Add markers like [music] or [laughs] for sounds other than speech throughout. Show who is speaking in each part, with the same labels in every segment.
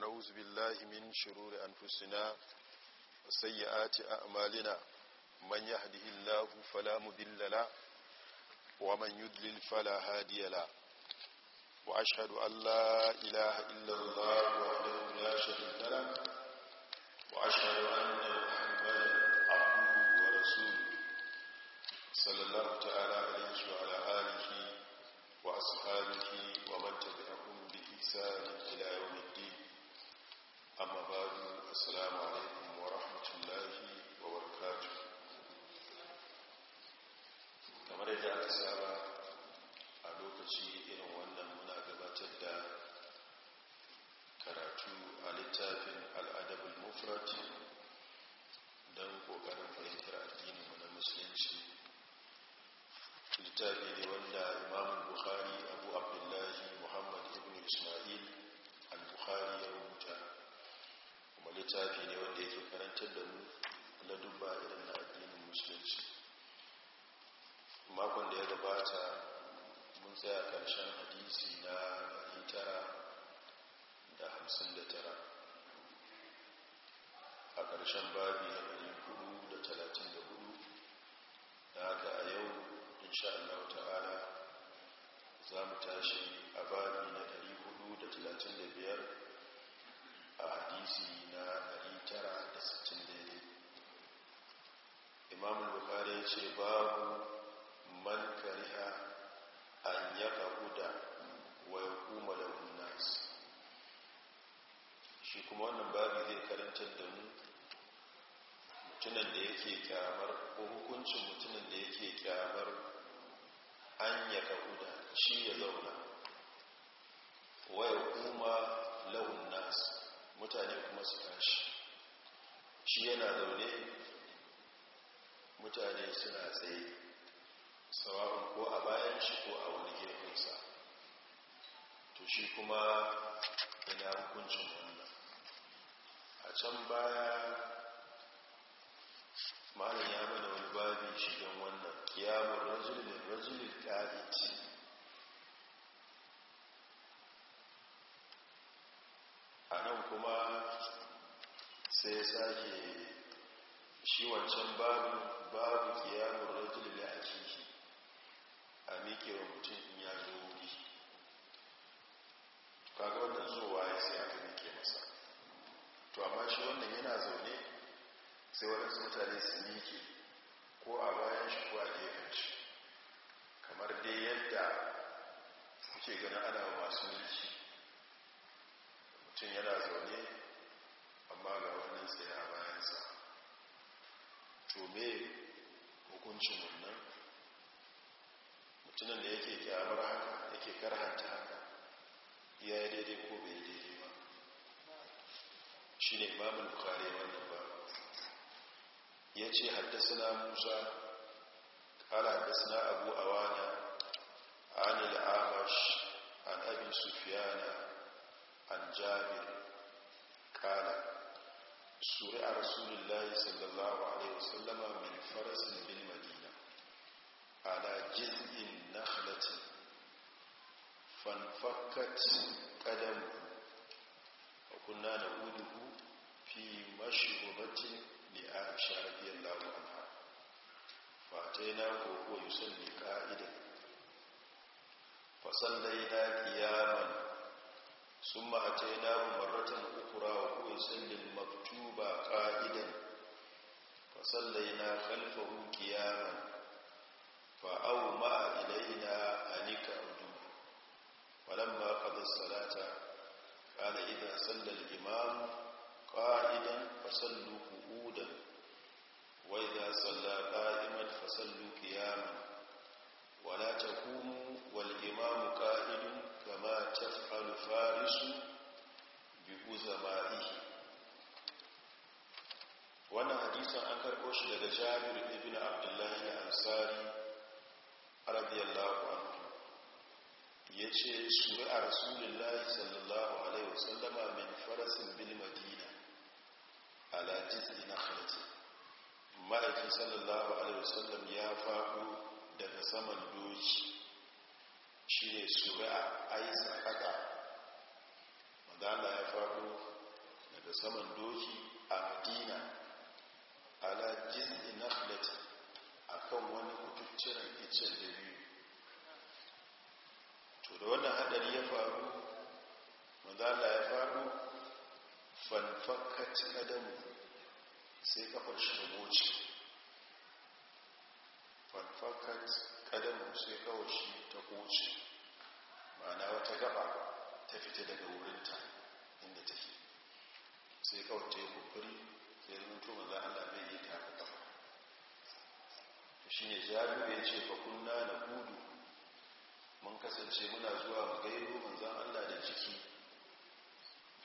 Speaker 1: ونعوذ بالله من شرور أنفسنا وسيئات أعمالنا من يهده الله فلا مذل له ومن يدلل فلا هادي له وأشهد أن لا إله إلا الله وحده لا شريك له وأشهد أن محمدا عبده ورسوله صلى الله تعالى عليه وعلى آله وأصحابه ومن تبعهم بإحسان إلى يوم الدين amma bari assalamu alaikum wa rahmatullahi wa warkatu. kamar yadda aka saba a lokaci irin wannan muna gabatar da karatu a littafin al'adabul mufrat don kokarin fahimtar addini na musulunci littafi ne wanda imamun buhari abu abdullahi muhammad ibn ismail al-bukhari ya rubuta littafi ne wanda yake karantar da mu na dubba irin na addinin musulunci makon da ya gabata mun tsaya karshen hadisi na 959 a karshen babi na 434 da haka a yau insha Allah ta'ala za mu tashi a babi na biyar. a hadisi na 960 imam bukari ya ce babu man kariha an yaka huda wa ya kuma da hunas shi kuma wannan babu zai karantar da mu mutunan da yake kyamar ko hukuncin mutunan da yake kyamar an yaka huda shi kuma yana hukuncin wanda a can baya malin ya mana wani babi shigen wannan kiyamun rajulun rajulun ƙa'iti a nan kuma sai ya sake shi wancan babu babu kiyamun rajulun da ake a miƙewa mutum ya zo ce haddasa musa ƙala haddasa abu a awana an Amash an abin sufiyana an jami'ar ƙala suri a rasulullahi sallallahu alaihi wasallama mai farasin bin madina ala na nakhlatin fanfakat ƙadamu a kunna na hudu fi mashi gobatin ne aisha radiyallahu anha fataina ko ko yusalli qa'ida fa sallaina qiyaman summa ataina marratan ukra wa ko yusalli maktuba qa'idan fa sallaina khalfahu qiyaman fa awma ilaina anika udu falamma qada as-salata qala idha sallal imam قائدا فصلوا قعودا وإذا صلى قائما فصلوا قياما ولا تقوموا والإمام قائد كما تفعل فارس بأزمائه wannan hadisan an karɓo shi daga jabir ibn abdullahi da ansari radiyallahu anhu ya ce shuri a rasulullahi sallallahu alaihi wasallama min farasin bil madina ala jiz'i kharci ma'aikin sallallahu alaihi wasallam ya faɗo daga saman doji ne shine sura aisa haka madalla ya faɗo daga saman doji a madina ala jiz'i a kan wani kututturen icen da biyu to da wannan haɗari ya faru manzala ya faru fanfakat adamu sai kafar shi ta goce fanfakat kadamu sai kawar shi ta goce ma'ana wata gaba ta fita daga wurinta inda ta fi sai kawar ta yi kukuri sai zuntun maza allah bai
Speaker 2: yi ta haka kafa
Speaker 1: shi ne jami'a ya ce fakunna na gudu mun kasance muna zuwa mu gaido manzan allah da jiki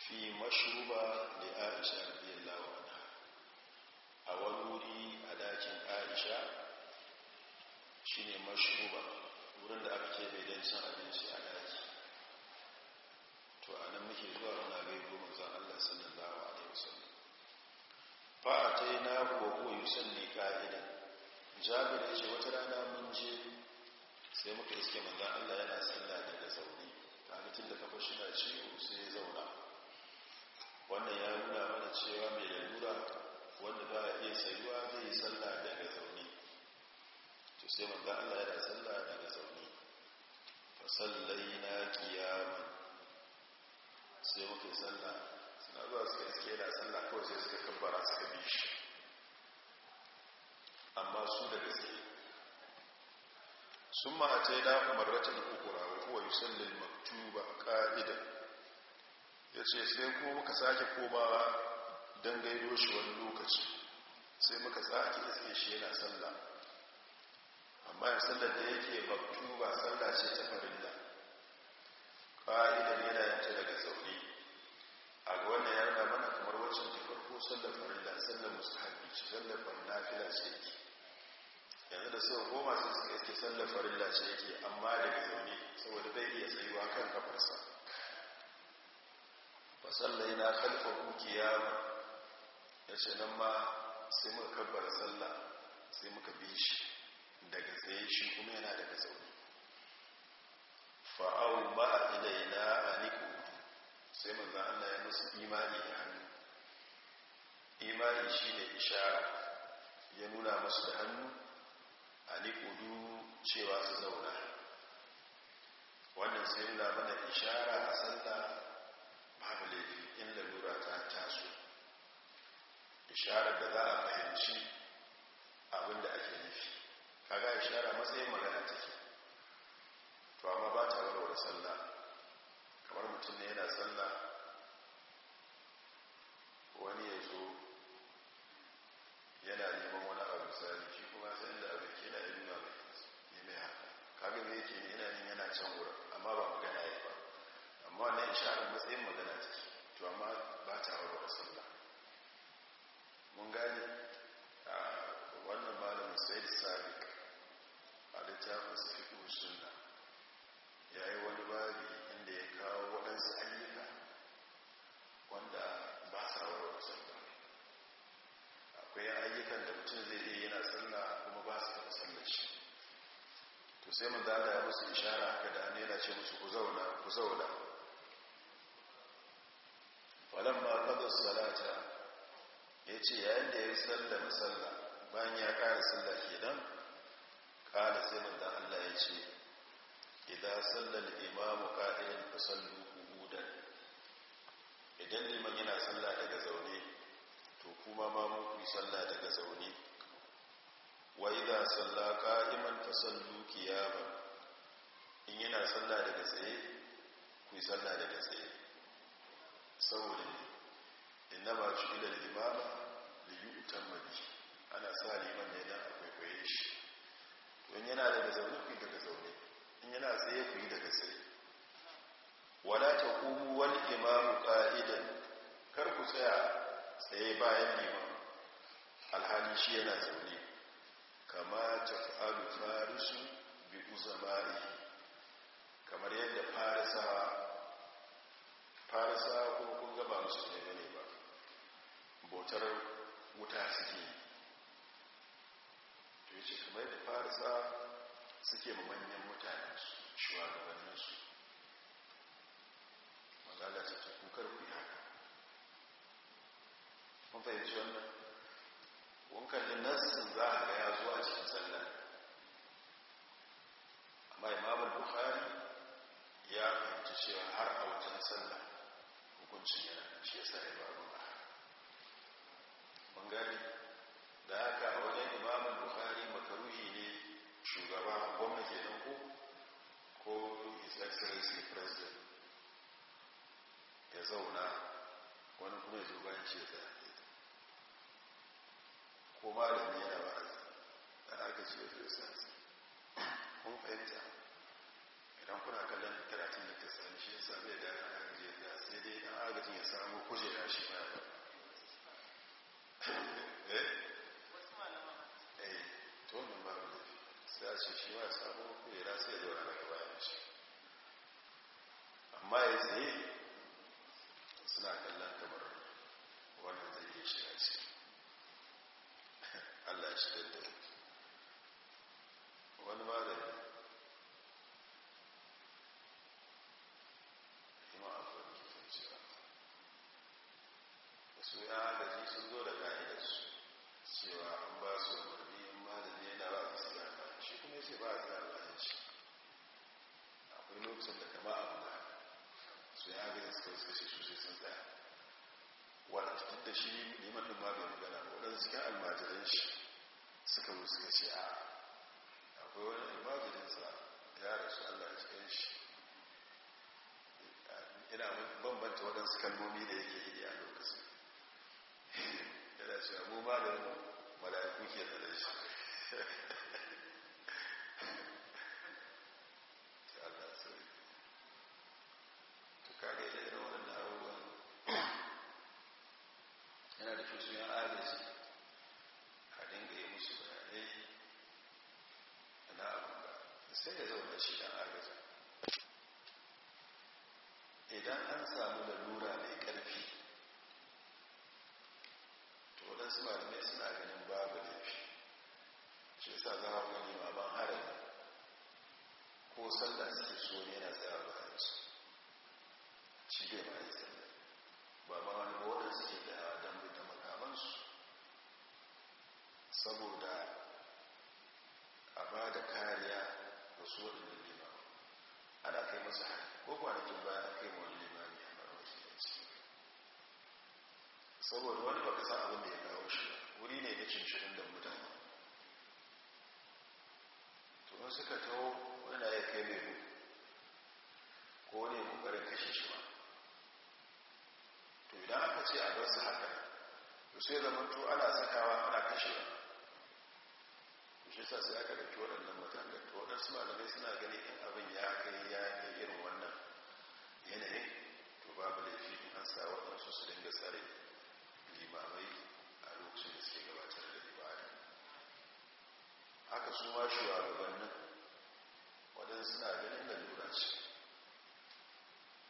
Speaker 1: fi mashruba da aisha biyan anha a wani wuri a dakin aisha shine mashruba wurin da aka keɓe don cin abinci a daki to a nan muke zuwa muna gaibo zan allah sanin lawa sallallahu alaihi wasallam fa'atai na kogo yusan ne ka'idan jabir ya ce wata rana mun je sai muka iske manzan allah yana sallah daga zaune a mutum da kafa shi na ciwo sai ya zauna wannan ya nuna mana cewa mai lalura wanda ba a iya sayuwa zai yi sallah daga zaune to sai manzo Allah yana sallah daga zaune fa sallaina qiyama sai muke sallah suna zuwa suka iske da sallah kawai sai suka kabbara suka bi shi amma su da gaske sun ma'atai na umarratin ukura wa kuwa yusallin maktuba ƙa'ida ya ce sai kuma muka sake komawa don gaido shi wani lokaci sai muka sake sai shi yana sallah amma yin sallar da yake baktu ba sallah ce ta farilla ƙa'idar yana yanta daga tsauni a ga wannan ya rana mana kamar wacin da farko sallar farilla sallar mustahabi ce sallar na fila ce yake yanzu da sau goma sai suka iske sallar farilla ce yake amma daga zaune saboda bai iya tsayuwa kan kafarsa fasallai na kalfa hukiya ya ce nan ma sai muka kabbar sallah sai muka bi shi daga tsaye shi kuma yana daga zaune fa'awu ba a ilaina a niku sai manzan allah ya musu imani da hannu imani shi ne ishara ya nuna musu da hannu a niku cewa su zauna wannan sai nuna mana ishara isharar da za a fahimci abin da ake nufi kaga shara matsayin magana ce sai mun Allah ya musu ishara haka da annabi ce musu ku zauna ku zauna falamma qada salata yace yayin da ya sallar sallah bayan ya kare sallar kenan kala sai da Allah ya ce idan sallar imamu qa'idan fasallu salla qa'iman sallu qiyama in yana salla daga tsaye ku yi salla daga tsaye saboda inna ba ci ila al-imama li yutamma bi ana sa liman ne yana akwai kwaye shi in yana daga zaune ku yi daga zaune in yana tsaye ku yi daga tsaye wala taqumu wal imamu qa'idan kar ku tsaya tsaye bayan liman alhali shi yana zaune kama taf'alu farisu bi uzamari kamar yadda farisa farisawa kuma kun gaba musu ne ne ba botar wuta suke to yace kamar yadda farisa suke manyan mutane
Speaker 2: shugabanninsu su
Speaker 1: magana ta kukar ku yi haka mun fahimci wannan kalli nassin za a ga ya zo a cikin sallah amma imamul bukhari ya fahimci cewa har a wajen sallah hukuncin yana
Speaker 2: shi yasa ya ba ruwa
Speaker 1: bangare gani da haka a wajen imamul bukhari makaruhi ne shugaba gwamnati ke nan ko ko his excellency president ya zauna wani kuma ya zo bayan ce tsaya ko malami yana wa'azi da aka ce kun fahimta idan kuna kallon karatun da ta sami shi yasa bai da da sai dai dan agajin ya samu shi ba eh? eh to sai shi samu sai shi amma ya suna kallon kamar wannan zai allah ya shirya da wani malami kuma a kwanke kwanciya da su ya agaji sun zo da ka'idarsu cewa an ba su wani da ne na ba su ya ba shi kuma yace ba a tsira bayan shi akwai lokacin da kama abu da su ya agaji suka su kashe su sai sun tsaya wadda fitar da shi neman ɗin ma ya gana ba waɗanda cikin shi suka zo ce a akwai wani almajirinsa ya rasu allah ya cikin shi ina bambanta waɗansu kalmomi da yake yi a lokacin yana cewa mu ba da mala'iku ke da shi [laughs] malamai suna ganin babu laifi shi sa za a wani maman harin ko sallah suke so ne na tsaya bayan su shi bai ma sallah ba wani wadda suke da dambe da makamansu saboda a ba da kariya ga su waɗanda lima ana kai masa ko kwanakin bayan kai wani limani a marmaki da ciki saboda wani baka san abin da ya cincirin da mutane tunan suka taho wanda ya kai mai ko ne kokarin kashe shi ba to idan aka ce a bar su haka to sai to ana sakawa ana to shi sa sai aka ke waɗannan mutane da to waɗansu malamai suna gani in abin ya kai ya yi irin wannan yanayin to babu da laifi an sa waɗansu su dinga tsare limamai lokacin da suke gabatar da ibada haka su ma shugabannin wadanda suna ganin da lura ce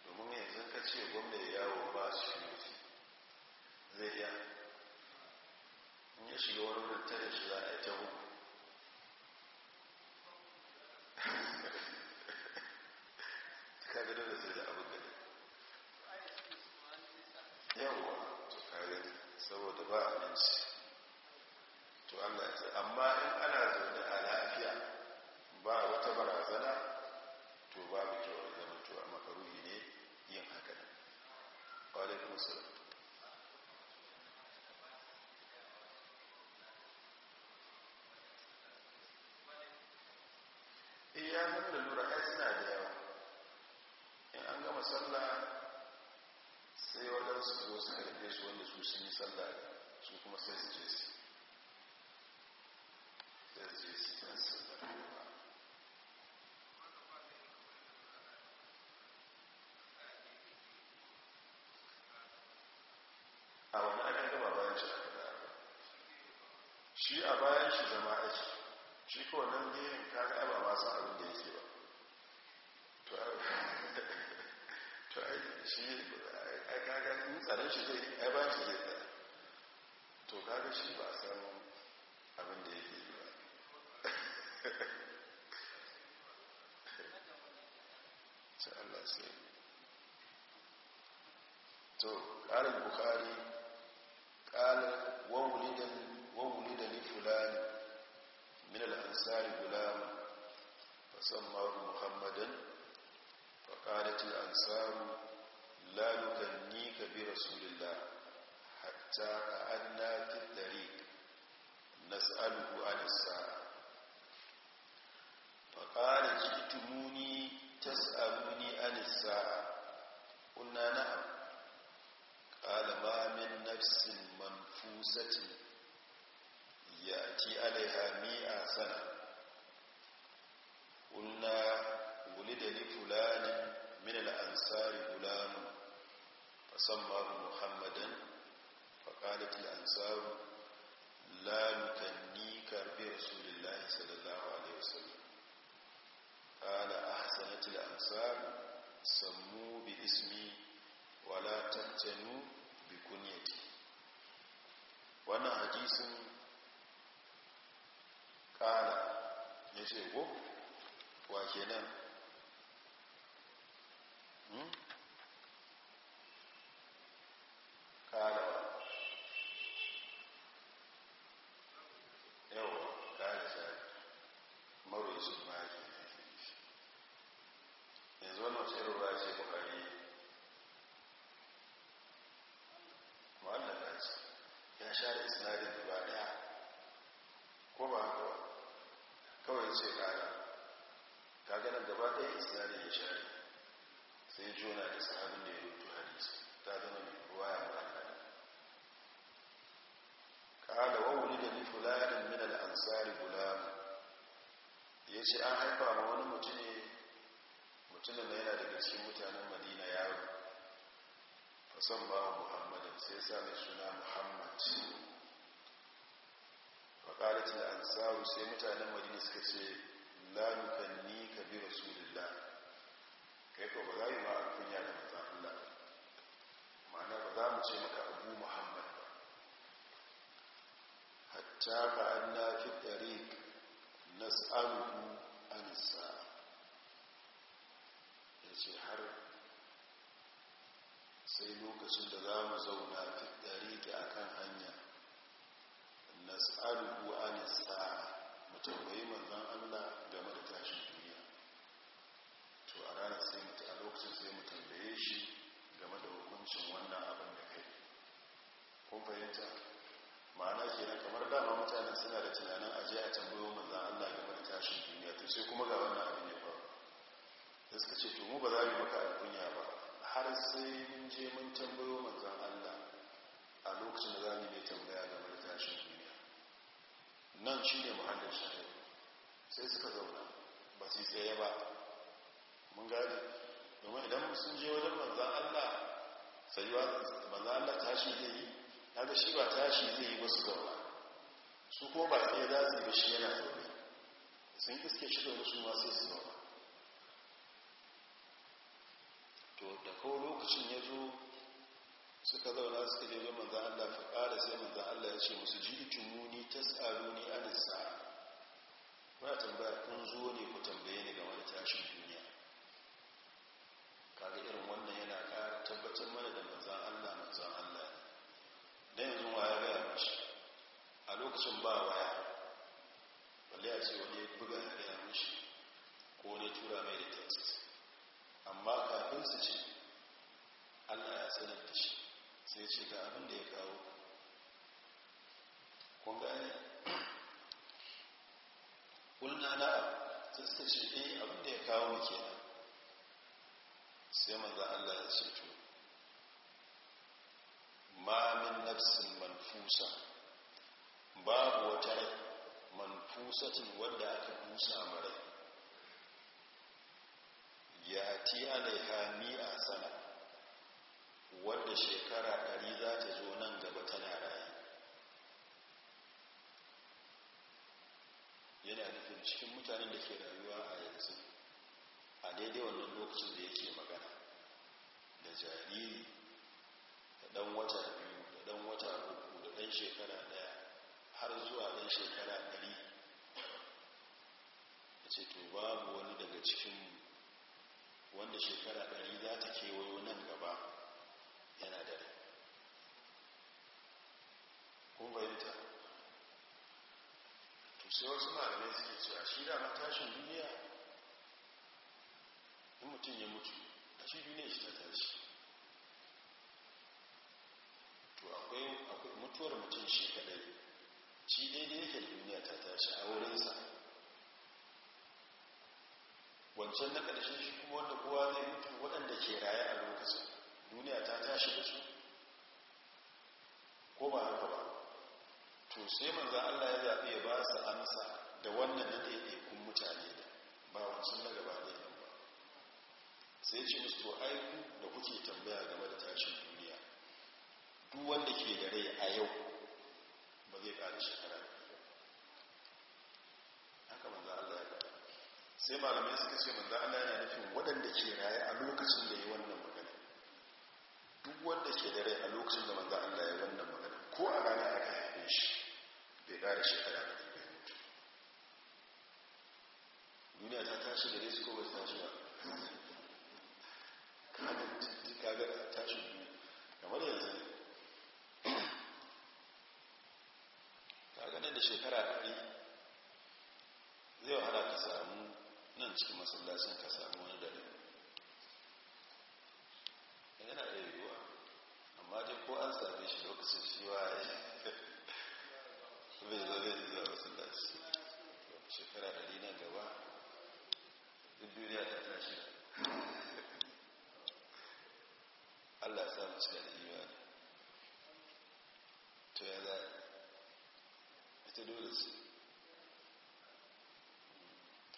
Speaker 1: domin yanzu ka ce gwamna ya yawo ba su shi zai iya in ya shiga wani wurin da shi za a yi ta hukun
Speaker 2: zan lalura ai suna da
Speaker 1: yawa in an gama sallah sai waɗansu zo su karfe su wanda su sun yi sallah su kuma sai su je su to قال البخاري قال وولد وولد لفلان من الأنصار غلام فسماه محمدا فقالت الأنصار لا نكنيك برسول الله حتى قعدنا في نسأله عن الساعة فقال جئتموني khamsati yati alaiha mi'a sana kunna gulida li fulani min al-ansari fulani fasamma muhammadan faqalat al-ansar la nukannika bi rasulillah sallallahu alaihi wasallam qala ahsanat al-ansar sammu bi ismi wala tattanu tahtanu bi kunyati wannan hadisin kala ya ce ko wa kenan hmm? gaba ɗaya isnadin ya share sai jona da sahabin da ya rubuta hadisi ta zama mai ya mara wa wawuli da la'adin minal ansari gulam ya ce an haifa ma wani mutune mutune da yana daga cikin mutanen madina yaro fasan ba Muhammadu sai sa mai suna muhammad faƙalatin ansaru sai mutanen madina suka ce la nukanni ka bi rasulillah kai ko ba za yi ba a kunya da manzan Allah ma'ana ba za mu ce maka abu muhammad ba hatta ba an na fi tariq nas'aluhu an sa'a yace har sai lokacin da za mu zauna fi tariq akan hanya Na nas'aluhu an sa'a mu tambayi manzan allah game da tashin duniya to a ranar sai mutu a lokacin sai mu tambaye shi game da hukuncin wannan abin da kai kun fahimta ma'ana ke na kamar dama mutane suna da tunanin aje a tambayo manzan allah game da tashin duniya to sai kuma ga wannan abin ya faru da suka ce to mu ba za mu maka alkunya ba har sai mun je mun tambayo manzan allah a lokacin da za mu yi tambaya game da tashin duniya nan shi ne muhallin shari'a sai suka zauna ba su tsaye ba mun gari. domin idan sun je wajen manzan allah sayuwa manzan allah tashi zai yi ga shi ba tashi zai yi wasu zauna su ko ba tsaye za su yi shi yana zaune sun iske shi da su masu sai su zauna to da kawo lokacin ya zo suka zauna suka je manzan Allah fi ƙara sai manzan Allah ya ce musu ji tumuni ta tsaro a nisa. kuna tambaya kun zo ne ku tambaye ni ga wani tashin duniya kaga irin wannan yana ƙara tabbatar mana da manzan Allah manzan Allah ne dan yanzu ya gaya mashi a lokacin ba waya balle a ce wani ya buga ya gaya mashi ko wani tura mai da text amma kafin su ce Allah ya sanar da shi sai ce ga abin da ya kawo kun gane ƙulna na sai suka ce eh abin da ya kawo ke nan. sai maza Allah ya ce to ma min nafsin manfusa babu wata rai manfusatin wadda aka busa mara ya ti alaiha ni a sana wadda shekara ɗari za ta zo nan gaba tana raya. yana nufin cikin mutanen da ke rayuwa a yanzu a daidai wannan lokacin da yake magana da jariri da ɗan wata biyu da ɗan wata uku da ɗan shekara ɗaya har zuwa ɗan shekara ɗari da ce to babu wani daga cikin wanda shekara ɗari za ta kewayo nan gaba yana da rai kun bayyanta to sai wasu malamai suke cewa shi da matashin duniya in mutum ya mutu a shi duniya shi ta tashi to akwai mutuwar mutum shi kadai shi daidai yake da duniya ta tashi a wurinsa wancan na ƙarshe shi kuma wanda kowa zai mutu waɗanda ke raye a lokacin duniya ta tashi da su ko ba haka ba to sai manzan allah ya zaɓi ya ba su amsa da wannan na kun mutane da ba wancan na gaba ɗaya ba sai ce musu to aiku da kuke tambaya game da tashin duniya duk wanda ke da rai a yau ba zai ƙara shekara haka manzan allah ya sai malamai suka ce manzan allah yana nufin waɗanda ke raye a lokacin da ya wannan duk wanda ke da rai a lokacin da manzan Allah ya wannan magana ko a ranar aka haife shi bai ƙara shekara da ɗin bai mutu duniya ta tashi da risko ba ta tashi ba kanin [laughs] ka ga tashi duniya da wani yanzu ta ganin da shekara ɗari zai wahala ka samu nan cikin masallacin ka samu wani dalilin ko an same shi lokacin shi zai zai zai zai zuwa masallaci shekara ɗari nan gaba duk duniya ta tashi allah samu cika da imani to ya za ita dole su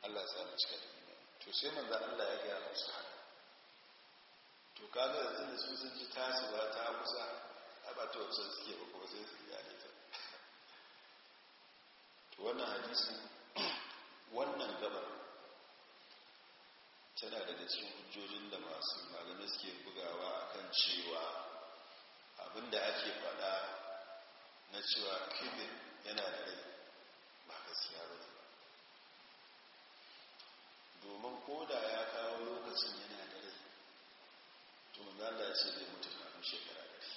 Speaker 1: allah samu cika da imani to sai manzan allah ya gaya musu haka Ba da zai su sun ji ba ta kusa a ba wasu suke ba kuma sai su gane ta wannan hadisi wannan gabar tana daga cikin hujjojin da masu malami suke bugawa akan cewa abinda ake faɗa na cewa kibir yana da rai ba gaskiya ba domin koda ya kawo lokacin yana manzala ya ce zai mutu kafin shekara ɗari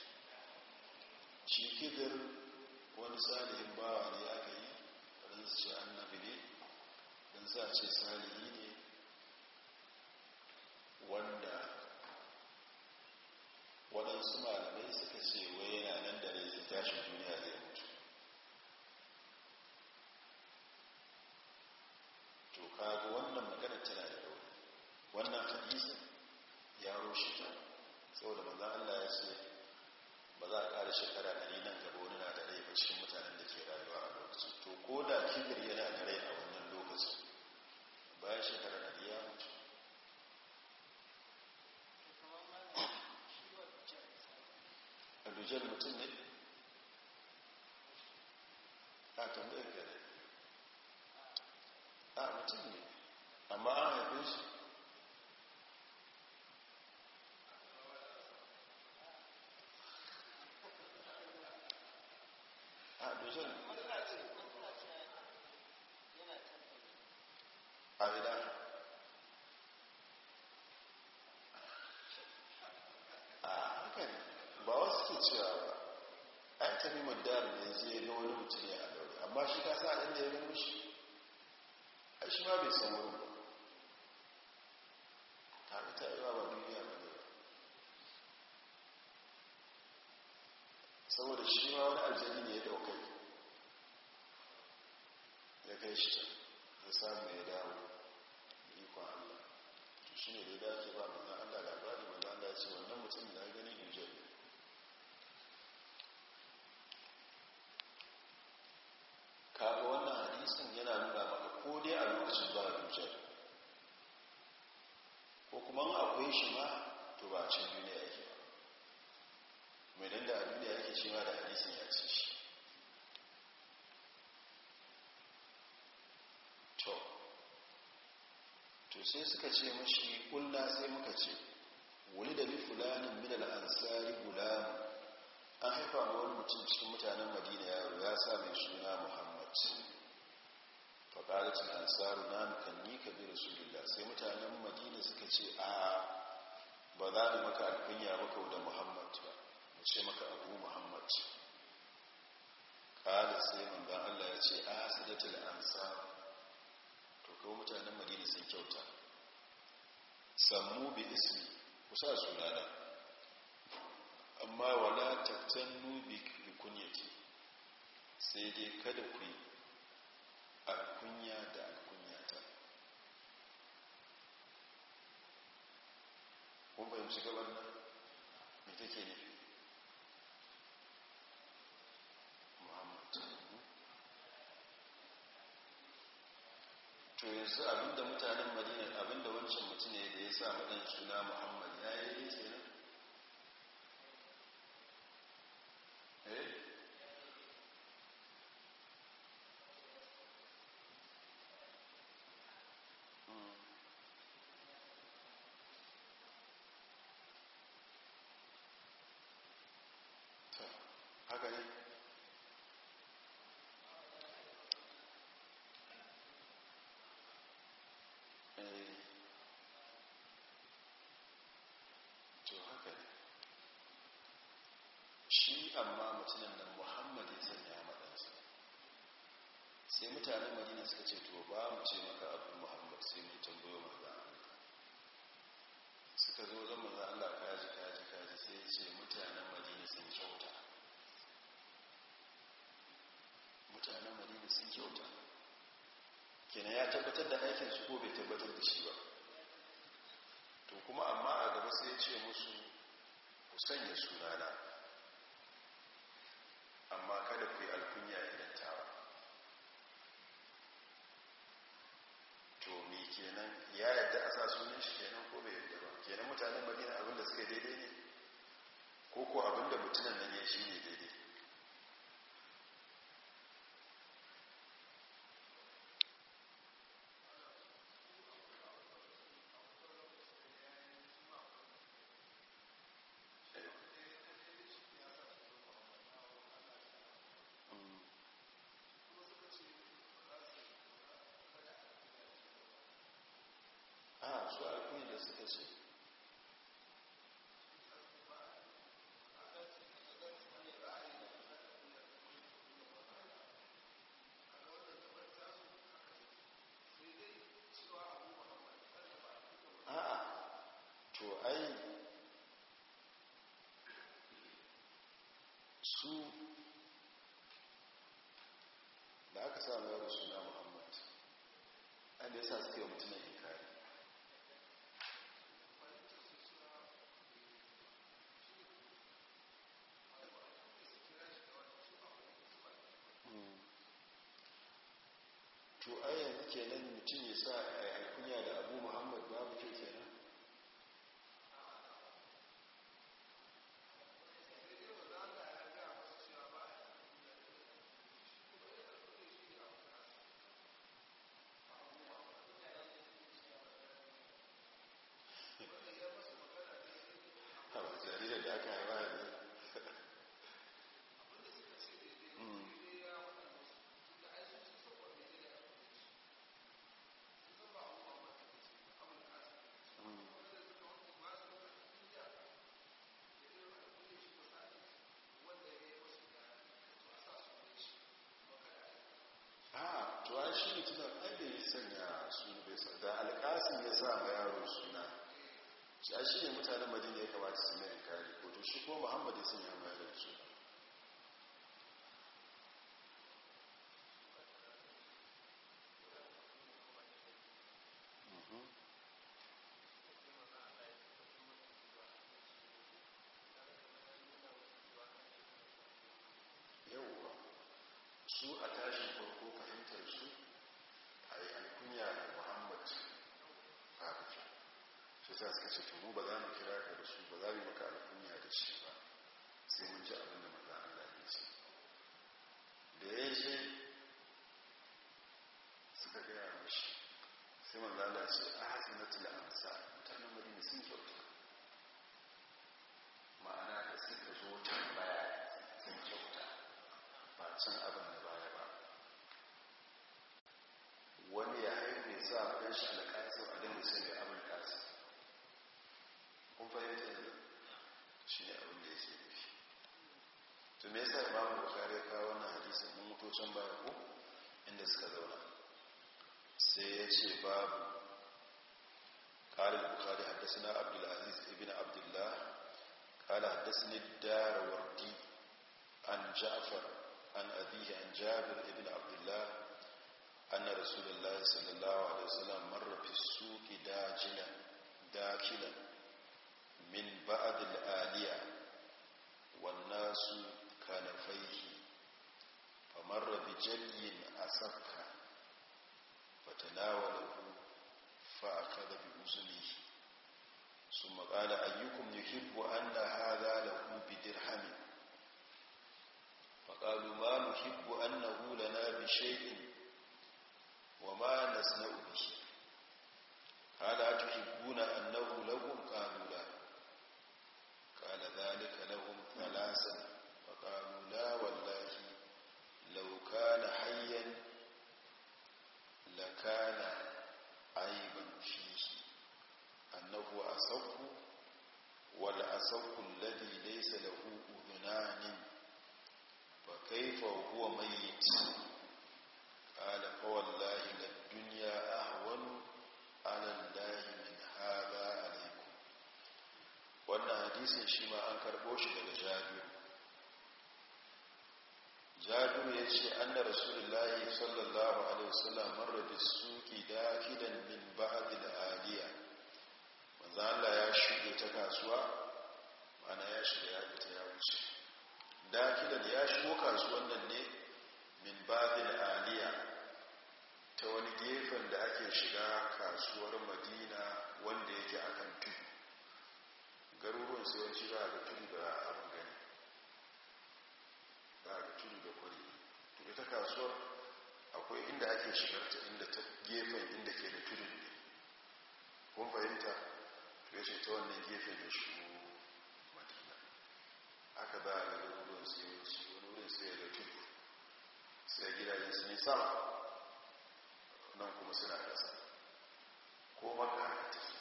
Speaker 1: shi kidir wani salihin bawa ne aka yi wani su ce na ne don za a ce salihi ne wanda waɗansu malamai suka ce wai yana nan da rai zai tashi duniya zai saboda maza Allah ya ce ba za a ƙara shekara ɗari nan gaba wani na da rai ba cikin mutanen da ke rayuwa a lokaci to ko da kibir yana da rai a wannan lokaci bayan shekara ɗari ya mutu alujar mutum ne cewa ba an tabi muddar da ya je ga wani mutum ya daure amma shi ka sa inda ya shi a shi ma bai san wurin ba haka ba duniya ba ne saboda shi ma wani aljani ne ya daukai ya kai shi ya samu ya dawo ikon allah shi ne da ya dace ba manzan allah labari manzan allah ce wannan mutum da gani hujjar duniya yake mai dan da a duniya yake shi ma da hadisin ya ce shi to to sai suka ce mashi kulla sai muka ce wani da fulanin min al'ansari gulam an haifa wani mutum cikin mutanen madina ya ya sa mai suna muhammad faƙaracin ansaru na nukanni ka rasulullah sai mutanen madina suka ce a ba za a maka alkunya maka da muhammad ba a ce maka abu muhammad ƙada sai manzan allah ya ce a da ansa to kawo mutanen madina sun kyauta sammu bi ismi kusa sunana amma wala tattannu bi kunyati sai dai kada ku yi alkunya da alkunya
Speaker 2: kun fahimci gabar nan mai take ne
Speaker 1: to yanzu abinda mutanen madina abinda wancan mutum ne da ya sa madan suna muhammad ya yi ne shi amma mutunan nan muhammad ya sanya maɗansa sai mutanen madina suka ce to ba mu ce maka abin Muhammadu sai mu tambayo maza suka zo zan maza a kaji kaji kaji sai ce mutanen madina sun kyauta mutanen madina sun kyauta Kina ya tabbatar da aikinsu ko bai tabbatar da shi ba to kuma amma a gaba sai ya ce musu ku sanya sunana amma kada ku yi alkunya idan tawa to me kenan ya yadda a sa sunan shi kenan ko bai yadda ba kenan mutanen madina abinda suka daidai ne ko ko abin
Speaker 2: masu alkuni da suka ce a'a to ai su
Speaker 1: da aka sa mai suna muhammad an da ya sa suka mutum ne Israel to ai shi mutumin tunan da ya sanya suna bai sa da ya sa ma yaro suna shi a shi ne mutanen madina ya kamata su mai kare ko to shi ko muhammad ya sanya ma yaro suna ce to mu ba za mu kira ka da su ba za mu maka alkunya da shi ba sai mun ji abin da maza an lafi ce da ya je suka gaya mashi sai maza Allah ce a hasinatul amsa mutanen madina
Speaker 2: sun kyauta ma'ana da suka zo baya sun kyauta ba can abin da baya ba
Speaker 1: wani ya haifu ne sa a kan shi alƙasar a dinga sai da abin kun fahimta ne shi ne abin da ya ce shi to me yasa babu bukari ya kawo wannan hadisi mun mutu can baya ko inda suka zauna sai ya ce babu karin bukari haddasa abdulaziz ibn abdullah قال حدثني الدار وردي عن جعفر عن أبيه عن جابر ابن عبد الله أن رسول الله صلى الله عليه وسلم مر في السوق min ba'adil aliya kanafai kalafaihi kamar rabi jalyin a tsakka fatalawa da ku fa'aka da bi musuli su makala ayyukun yuhibbu an da haza da ku bi dirhami muhibbu an na hula na bi shaikin wa ma nasna'u kada tuhibbuna annahu lahum qalu la ذلك لهم ثلاثا فقالوا لا والله لو كان حيا لكان عيبا فيه أنه أسوق والأسوق الذي ليس له أذنان فكيف هو ميت قال فوالله للدنيا أهون على الله من هذا عليكم wannan hadisin shi ma an karbo shi daga jabiru
Speaker 2: jabiru ya ce
Speaker 1: an da rasulullahi sallallahu alaihi wasallam marar da suki dakidan min ba'adi da aliya wanda allah ya shige ta kasuwa mana ya shiga ya fita ya wuce dakidan ya shigo kasuwan nan ne min ba'adi da aliya ta wani gefen da ake shiga kasuwar madina wanda yake akan tudu garuruwan sai wanci ba da tudu da abin gani ba da tudu da kwari tudu ta kasuwar akwai inda ake shigar ta inda ta gefen inda ke da tudu ne kun fahimta ya ce ta wannan gefen da shi madina aka ba da garuruwan sai wanci wani wurin sai da tudu sai gidajen sun yi sama nan kuma suna kasa ko maka haka take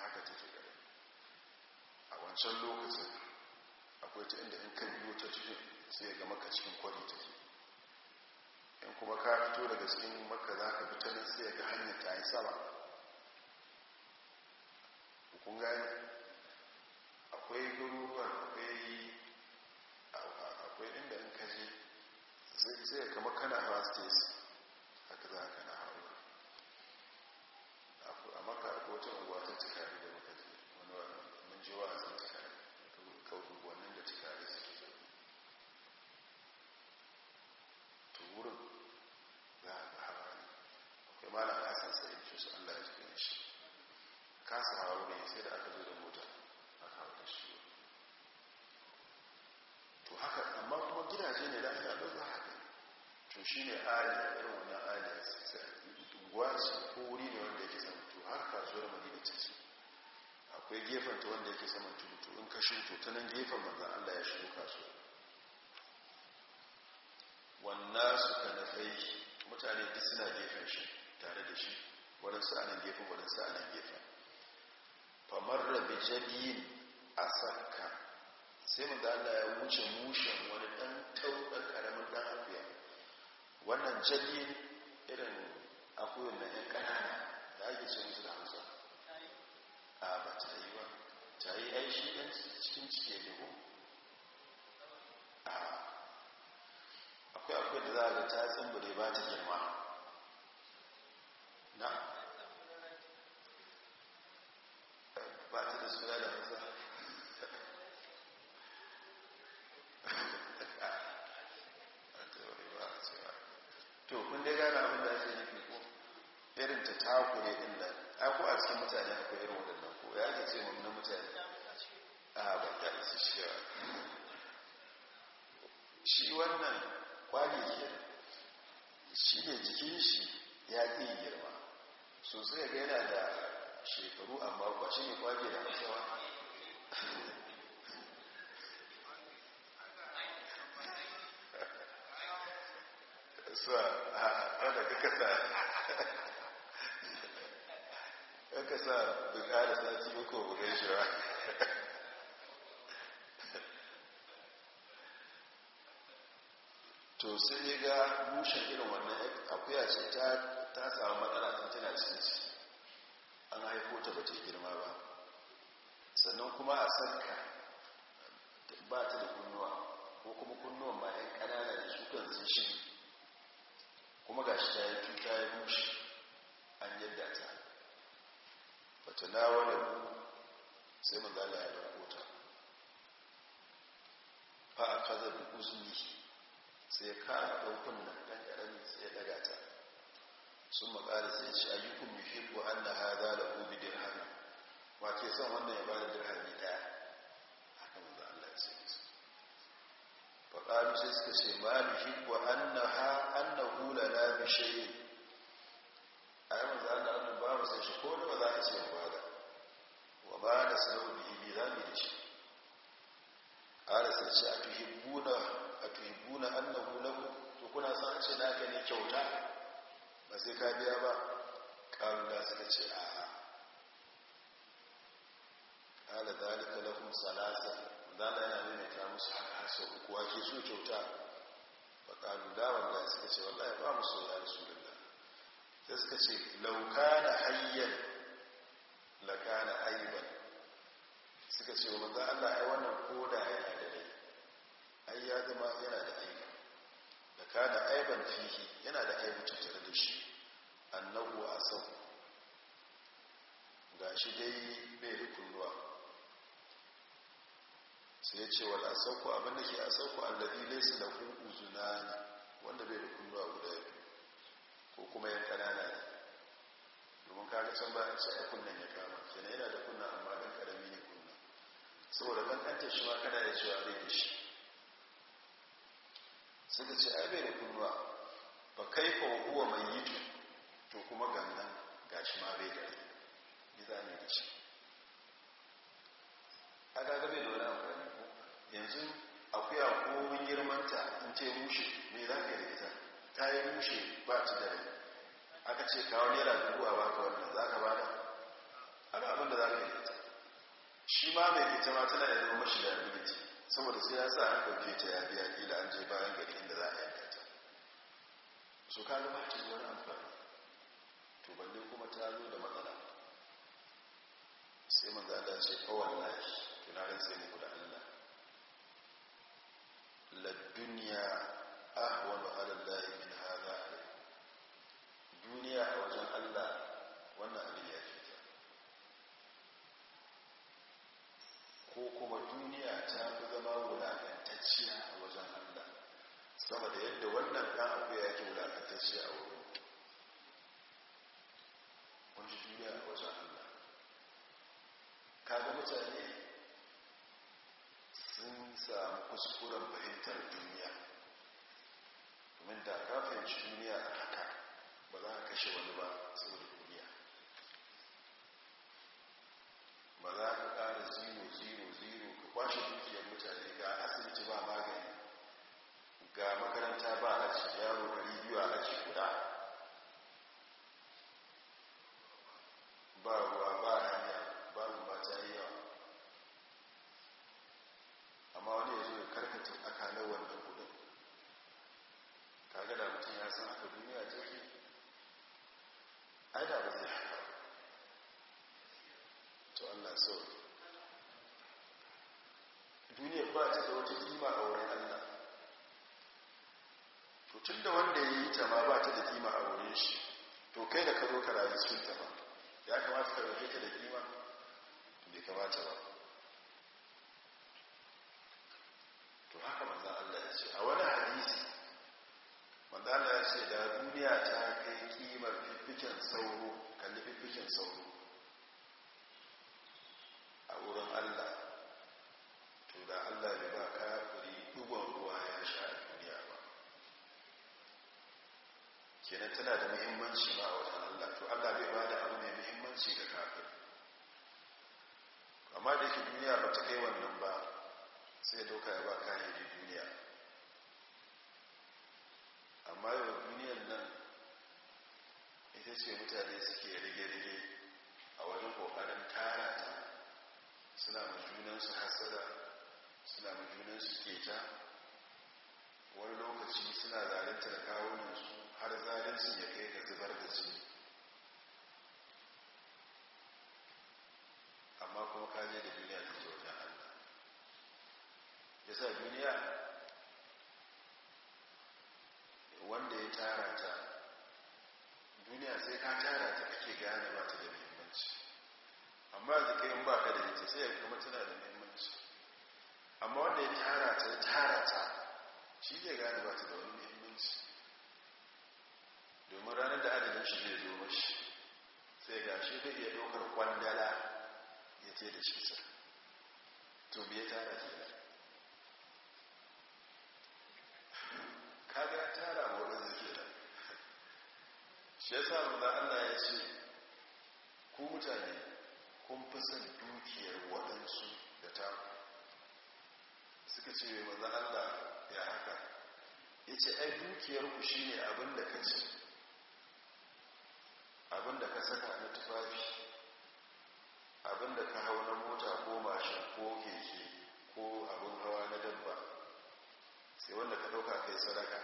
Speaker 1: haka take gari a wancan lokacin akwai ta inda in ka biyo ta cikin sai ya ga maka cikin kwari take in kuma ka fito daga cikin maka za ka fita ne sai ya ga hanyar ta yi sama kun gani akwai garuruwan akwai akwai inda in ka je sai ya kama kana hawa haka za ka na to shi ne hali irin wannan hali wasu ko wuri ne wanda yake saman to har kasuwar madina da su akwai gefen ta wanda yake saman to to in ka shuto ta nan gefen manzan allah ya shigo kasuwa wannan su ka nafai mutane duk suna gefen shi tare da shi waɗansu anan gefen waɗansu anan gefen famar rabe jadiyin a sakka sai manzan allah ya wuce mushen wani ɗan tauɗan ƙaramin ɗan afiya wannan jalli irin akuyin na yan ƙanana da ake cin su da hamsa a ba ta yi ba ta yi aishi shi cikin cike dubu akwai akwai da za a ga ta tsimbure ba ta girma sa a daga kasa aka sa duka da sati uku bugan shi to sai ya ga mushen irin wannan akuya ce ta samu matsala tun tana an haifo ta ba girma ba sannan kuma a sarka ba ta da kunnuwa ko kuma kunnuwan bayan 'yan ƙanana da shukan sun kuma ga shi ta yi tuta ya mushi an yadda ta fatana wadda sai mazala ya ɗauko ta a kaza da uzuni sai ya kama ɗaukun nan ɗan ƙarami sai ya ɗaga ta sun makara sai ce ayyukun muhibbu an na hada da ubi dirhami wa ke son wannan ya ba da dirhami ɗaya kalu sai suka ce ma nuhibbu annaha annahu lana bi shay'in ai manzo Allah annabi ba mu sai shi ko da ba za a ce ba da wa ba da sanu bihi bi zamu da shi ala sai ce atuhibbuna atuhibbuna annahu lahu to kuna san ce na ga kyauta ba sai ka biya ba kalu da suka ce a'a ala zalika lahum salasa zala yana ta musu haka har sau uku wake su kyauta ba ƙalu dawon da suka ce wallah ya ba musu sau ya rasu lalla ta suka ce lauka na hayyar laka na aiban suka ce wa manzan allah ya wannan koda yana da rai ai ya zama yana da aiba laka na aiban fihi yana da aibu tattare da shi annabu a sau ga shi dai bai da kulluwa sai ya ce wala asauku abin da ke asauku allazi laysa lahu uzunani wanda bai da kunnuwa guda biyu ko kuma yan kanana ne domin kaga can bayan ce a kunnan ya kama kenan yana da kunna amma dan karami ne kunna saboda kankanta shi ma kana ya cewa bai da shi suka ce ai bai da kunnuwa ba kai ko huwa mai yi to kuma gangan gashi ma bai da rai gida ne da shi a gagabe da wani amfani yanzu akuya komin girmanta in ce mushe mai za ka yi ita ta yi mushe ba ci dare aka ce kawo naira dubu a baka wannan za ka bada ana abin da za ka yi ta shi ma mai ita ma tana da zama mashi da rubuti saboda sai ya sa an ke ta ya biya da an je bayan gari inda za a yi ta so ka ga ta wani amfani to balle kuma ta zo da matsala sai manzo Allah ya ce shi oh tunanin sai ne guda ladduniya ahwanu alallahi min haza duniya a wajen allah wannan abin ya fi ta ko kuma duniya ta fi zama wulaƙantacciya a wajen allah sama da yadda wannan ɗan abu ya ke wulaƙantacciya a wurin kun duniya a wajen allah Ka ga mutane samu kuskuren fahimtar duniya domin da ka fahimci duniya a haka ba za ka kashe wani ba saboda duniya ba za ka kara zero zero zero ka kwashe dukiyar mutane ga asibiti ba magani ga makaranta ba a cikin yaro wanda ya yi ta ma ba ta da kima a wurin shi to kai da ka zo ka rayu sun ta ba ya kamata ka rage ta da kima bai kamata ba muhimmanci ba wata Allah to Allah bai bada abu mai muhimmanci ga kafir amma da yake duniya ba ta kai wannan ba sai ya ya ba kayan duniya tarata shi zai gani ba ta da mahimmanci domin ranar da adadin shi zai zo mashi sai ga shi da iya dokar kwandala ya ce da shi sa to ya tara ke da kaga tara wurin zuke da shi ya sa ruwa allah ya ce ku mutane kun fi son dukiyar waɗansu da taku suka ce mai maza allah ya haka ya ce ai dukiyarku shi ne abinda ka ce abinda ka saka na tufafi abinda ka hau na mota ko mashin ko keke ko abin hawa na dabba sai wanda ka dauka kai sadaka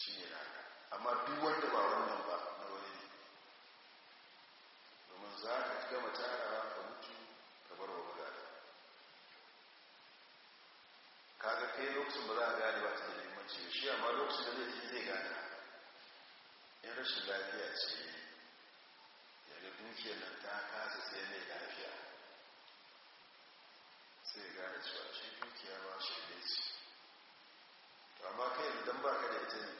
Speaker 1: shi ne haka amma duk wanda ba wannan ba na wani ne domin za ka gama tara ka mutu ka bar wa kaga kai lokacin ba za a gane ba ta da muhimmanci shi amma lokacin da zai zai gane in rashin lafiya ce daga dukiyar nan ta kasa sai mai lafiya sai gane cewa shi dukiya ba shi ne ce to amma kai idan ba ka da ita ne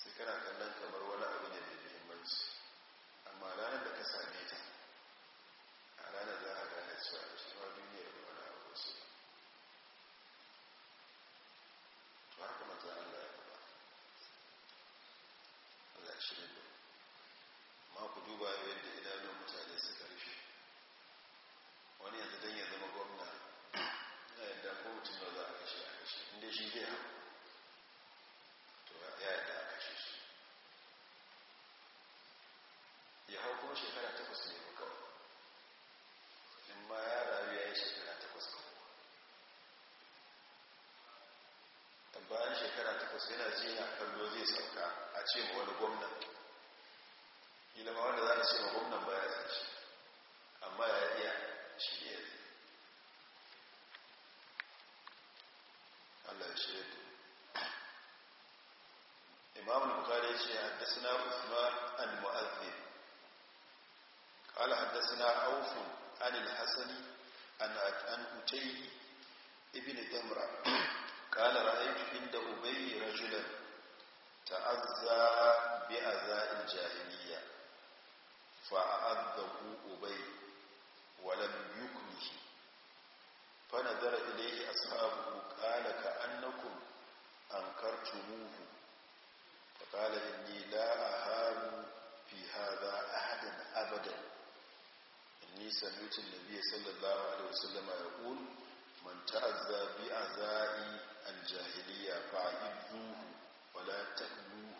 Speaker 1: sai kana kallon kamar wani abu ne mai limanci amma ranar da ka same ta a ranar za a gane cewa shi ma duniya ashirin ma ku duba yadda idanun mutane su rufe wani yanzu don ya zama gwamna na yadda ko mutum ba za a kashe a kashe inda shi zai to ya yadda a kashe su ya hau kuma shekara takwas ne kawai su yana jinya kallo zai sauka a ce ma wani gwamnan ilama wanda za a ce ma gwamnan ba ya san amma ya iya shi ne Allah ya shirya imam al-bukhari ce haddathana usman al-mu'adhdhib qala haddathana auf an al-hasan an an utayy ibn damra قال رأيت عند أبي رجلا تأذى بأذى الجاهلية فأعذه أبي ولم يكنه فنظر إليه أصحابه قال كأنكم أنكرتموه فقال إني لا أهاب في هذا أحدا أبدا إني سمعت النبي صلى الله عليه وسلم يقول من تأذى بأذائي الجاهلية فعيدوه ولا تكلوه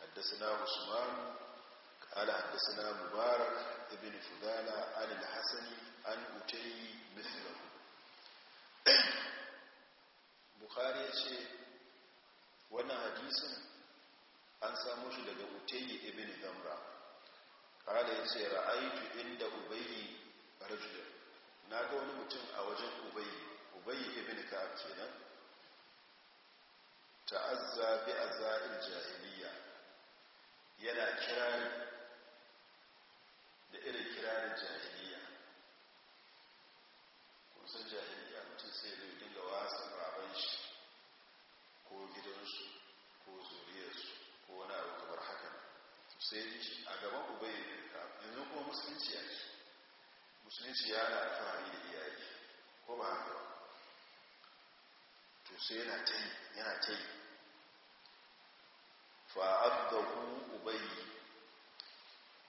Speaker 1: حدثنا عثمان قال حدثنا مبارك ابن فضالة عن الحسن عن أتي مثله بخاري يشي وانا حديث an samu shi daga uteyi ibn zamra kala ya ce ra'aitu inda ubayi rajulun na ga wani mutum a wajen ubayi ubayi ibn ka'ab kenan ta'azza bi azail jahiliya yana kirari da irin kirarin jahiliya kun san jahiliya mutum sai zai dinga wasa baban shi ko gidansu ko zuriyarsu ko wani abu kamar haka sai a gaban ubayi ibn ka'ab yanzu kuma musulunci ya ce musulunci ya da iyaye ko ba haka sai yana ta yi yana ta yi fa'addahu ubayi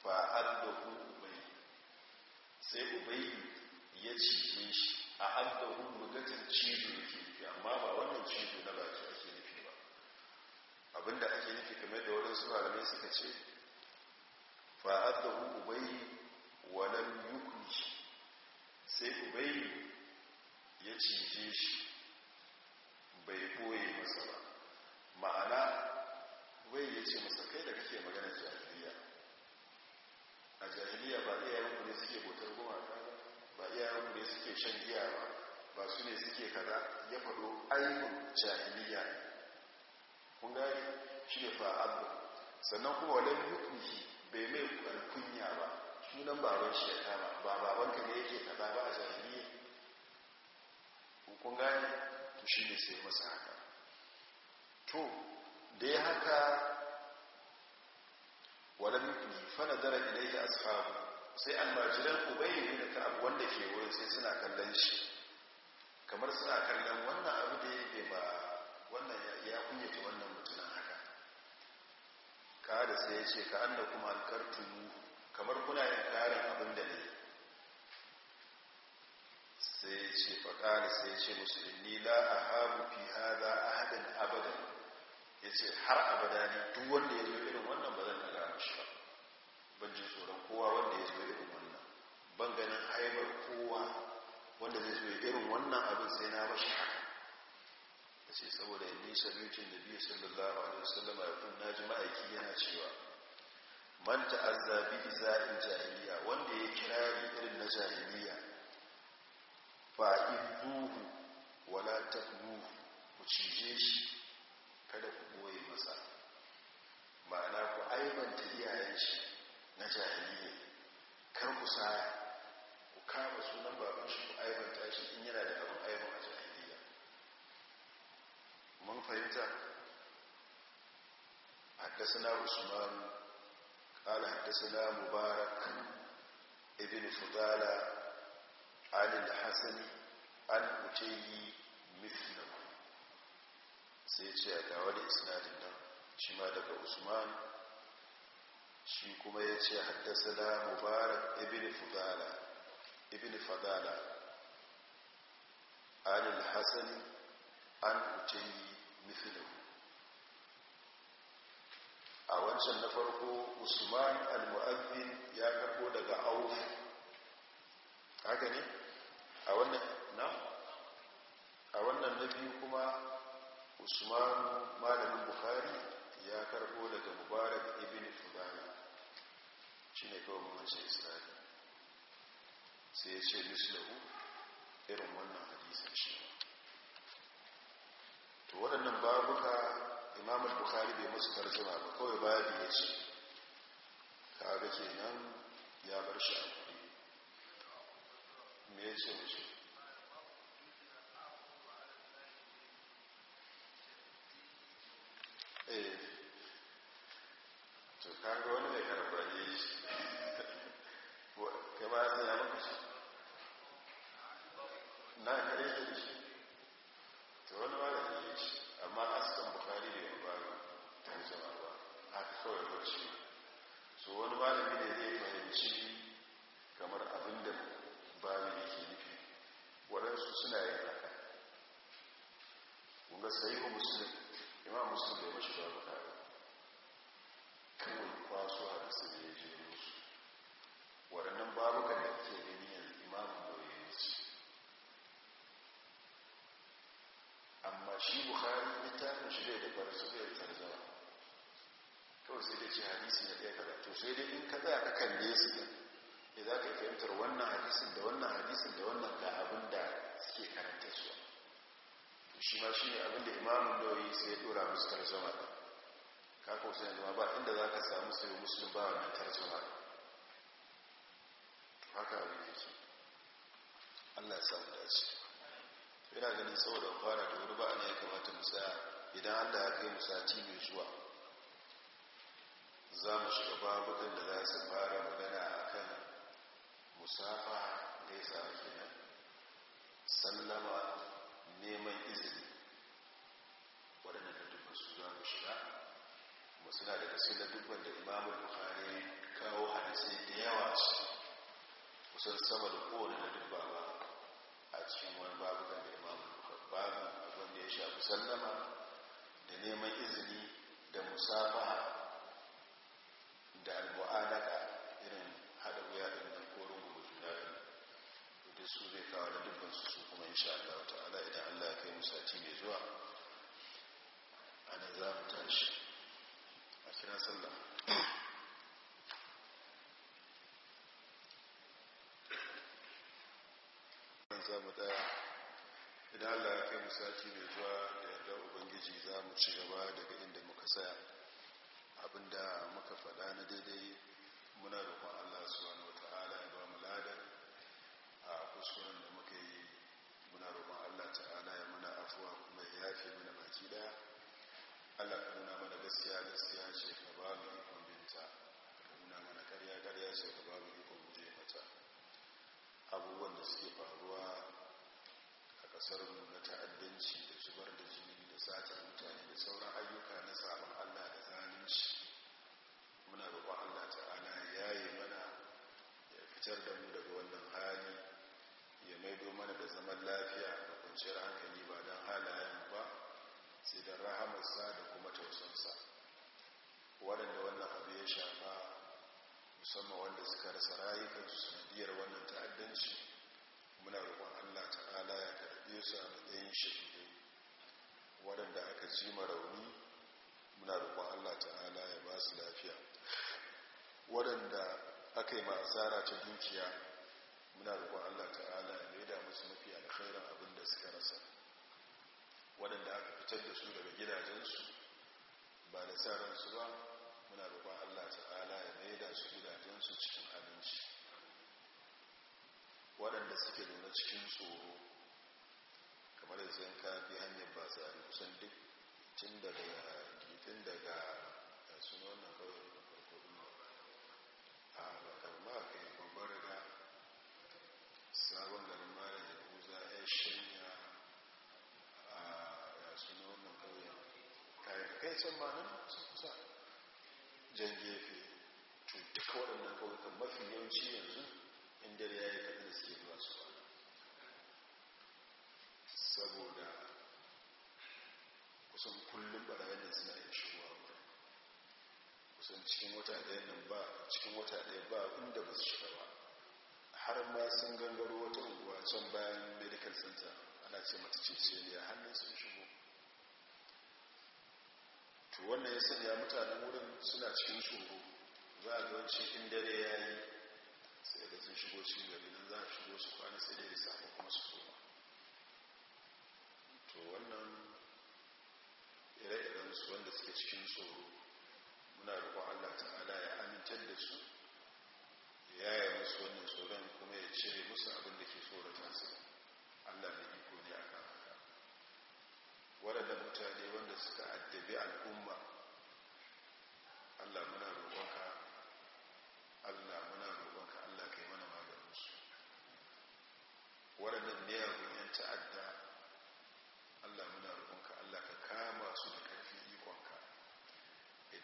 Speaker 1: fa'addahu ubayi sai ubayi ya cije shi a addahu bugatar cizo yake nufi amma ba wannan cizo na baki ake nufi ba abinda ake nufi kamar da wurin su malamai suka ce fa'addahu ubayi yukun yukunci sai ubayi ya cije shi bai koye masa ba ma'ana wai ya ce masa kai da kake magana jahiliya a jahiliya ba iyayenku ne suke botar gumaka ba iyayenku ne suke shan giya ba ba su ne suke kaza ya faɗo ainihin jahiliya kun gari shi ne fa'adu sannan kuma wadda hukunci bai mai kunya ba sunan baban shi ya kama ba babanka ne yake kaza ba a jahiliya kun gani to shi ne sai masa haka to da ya haka ne, fana dara ilayhi ashabu sai almajiran ne da ka'ab wanda ke wurin sai suna kallon shi kamar suna kallon wannan abu da ya ba wannan ya kunyata wannan mutunan haka kada sai ya ce ka annakum alkartu kamar kuna yin karin abin da ne sai ya ce faƙari sai ya ce musulmi la a habu fi a ahadin abadan ya ce har abada ne duk wanda ya zo irin wannan ba zan daga mashi ba ban jin tsoron kowa wanda ya zo irin wannan ban ganin haibar kowa wanda zai zo irin wannan abin sai na mashi haka ya ce saboda yi sabitin da biyu sallallahu alaihi wasallam a yakun na ji ma'aiki yana cewa man ta'azza bi za'in jahiliya wanda ya kirari irin na jahiliya Fa'iduhu wala taqnuhu ku cije shi kada ku boye masa ma'ana ku aibanta iyayen shi na jahiliya kar ku sa ku kama sunan babu shi ku aibanta shi in yana da abin aibin a jahiliya mun fahimta حدثنا عثمان قال حدثنا مبارك ابن فضالة anil hasani an mutayi mislu sai ce a dawo da isnadin nan shi ma daga usman shi kuma ya ce haddasa da mubarak ibn fudala ibn fadala anil hasani an mutayi mislu a wancan na farko usman al-mu'azzin ya karbo daga auf haka ne a wannan na biyu kuma usman malamin bukari ya karbo daga mubarak ibn Fulani, shi ne kawai mace israeli sai ya ce mislahu irin wannan hadisun shi to waɗannan babuka imam bukhari bai masu karzuma ba kawai babu ya ce kaga kenan ya bar shi me ya ce musu eh to kaga wani mai ne shi kai ba sai ya maka shi na kare da shi to wani ba da shi amma a cikin bukari da ya ba ta jama ba haka kawai bacci so wani ba da ne zai fahimci kamar abin da babu yake nufi waɗansu suna yin haka ga sayi wa musulun imam musulun da ya mashi babu kare kawai kwaso a ƙasar da ya je musu waɗannan babu kare ke gani yanzu imamu boye ce amma shi buhari littafin shi bai da barci bai tarzawa kawai sai dai ce hadisi na ɗaya karatu sai dai in ka za ka kalle su da za ka fahimtar wannan hadisin da wannan hadisin da wannan ga abin da suke karanta su shi ma shi ne abin da imamun nauyi sai ya dora musu tarzoma kakon sai zama ba inda za ka samu sai musulun ba wannan tarzoma haka abin ke allah ya samu dace yana ganin saboda fara da wuri ba a ne ya kamata musa idan allah ya kai musati mai zuwa za mu shiga babu da za su fara magana a kan musafa da ya sami kenan sallama neman izini waɗanda da dubban su za mu shiga kuma suna daga da dubban da imamun buhari kawo hadisai da yawa ce kusan sama da kowane da dubba ba a cikin wani babu da imamun buhari babu abin da ya shafi sallama da neman izini da musafa da al da su zai kawo da dukkansu su kuma in insha Allah ala idan Allah ya kai mu sati mai zuwa ana za mu tashi a kira sallah za mu ɗaya idan Allah ya kai mu sati mai zuwa da yadda ubangiji za mu ci gaba daga inda muka saya abinda muka faɗa na daidai muna roƙon Allah wata ala ya ba mu ladar kuskuren da muka yi muna roƙon allah ta'ala ya muna afuwa kuma ya yafe mana baki daya allah ka nuna mana gaskiya gaskiya ce ka ba mu ikon binta ka nuna mana karya karya ce ka ba mu ikon guje mata abubuwan da suke faruwa a ƙasar mu na ta'addanci da zubar da jini da sata, mutane da sauran ayyuka na sabon allah da zalunci muna roƙon allah ta'ala ya yi mana ya fitar da mu daga wannan hali ya maido mana da zaman lafiya da kunciyar hankali ba don halayen ba sai da rahamarsa da kuma tausansa waɗanda wannan abu ya shafa musamman wanda suka rasa rayukansu sanadiyar wannan ta'addanci muna rukun allah ta'ala ya karɓe su a matsayin shahidai waɗanda aka ji rauni muna rukun allah ta'ala ya ba su lafiya waɗanda aka yi ma asara ta dukiya muna roƙon Allah ta'ala ya maida musu mafi alkhairin abin da suka rasa waɗanda aka fitar da su daga gidajensu ba da sa ransu ba muna roƙon Allah ta'ala ya maida su gidajensu cikin aminci waɗanda suke nuna cikin tsoro kamar yanzu ka bi hanyar ba tsari kusan duk tun daga gitin daga sunan sabon garin mara da kuza ya shanya a yasu na wannan kauyen kayan kai can ba nan sun kusa jan gefe to duka waɗannan kauyukan mafi yawanci yanzu inda ya yi kaɗin suke zuwa su kwana saboda kusan kullum barayin suna yin shigowa kusan cikin wata ɗaya nan ba cikin wata ɗaya ba inda ba su shiga ba har ma sun gangaro wata unguwa can bayan medical center ana ce mata a hannun sun shigo to wannan ya sanya mutanen wurin suna cikin tsoro za a ga wancin in dare ya yi sai da sun shigo cikin gari nan za a shigo su kwana sai da ya samu kuma su koma to wannan ire-iren su wanda suke cikin tsoro muna roƙon allah ta'ala ya amintar da su ya yi musu wannan tsoron kuma ya cire musu abin da ke su. allah da iko ne a kan mutane wanda suka addabi al'umma allah muna roƙonka allah muna roƙonka allah kai mana maganinsu waɗannan miyagun yan ta'adda allah muna roƙonka allah ka kama su da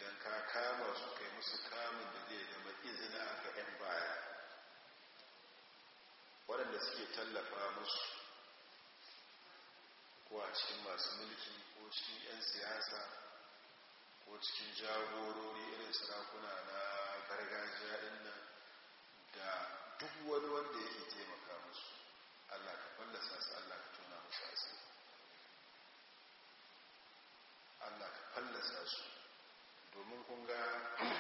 Speaker 1: idan ka kama su kai musu kamun da zai zama izina ga 'yan baya waɗanda suke tallafa musu ko a cikin masu mulki ko cikin 'yan siyasa ko cikin jagorori irin sarakuna na gargajiya nan da duk wani wanda yake taimaka musu allah ka fallasa su allah ka tona musu asiri allah ka fallasa su domin kun ga [clears throat]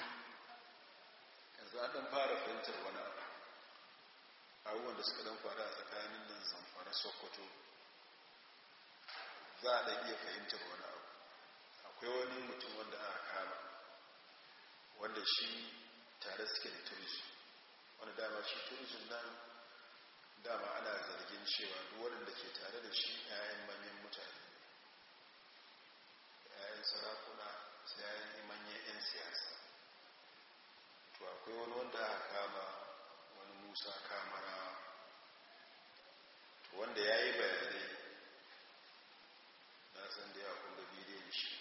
Speaker 1: yanzu an dan fara fahimtar wani abu abubuwan da suka dan faru a tsakanin nan zamfara sokoto za a ɗan iya fahimtar wani abu akwai wani mutum wanda aka kama wanda shi tare suke da turism wani dama shi turism nan dama ana zargin cewa duwarin da ke tare da shi 'ya'yan manyan mutane 'ya'yan sarakuna sai manyan 'yan siyasa to akwai wani wanda aka kama wani musa To wanda ya yi bayanai na san da ya kunga bidiyon shi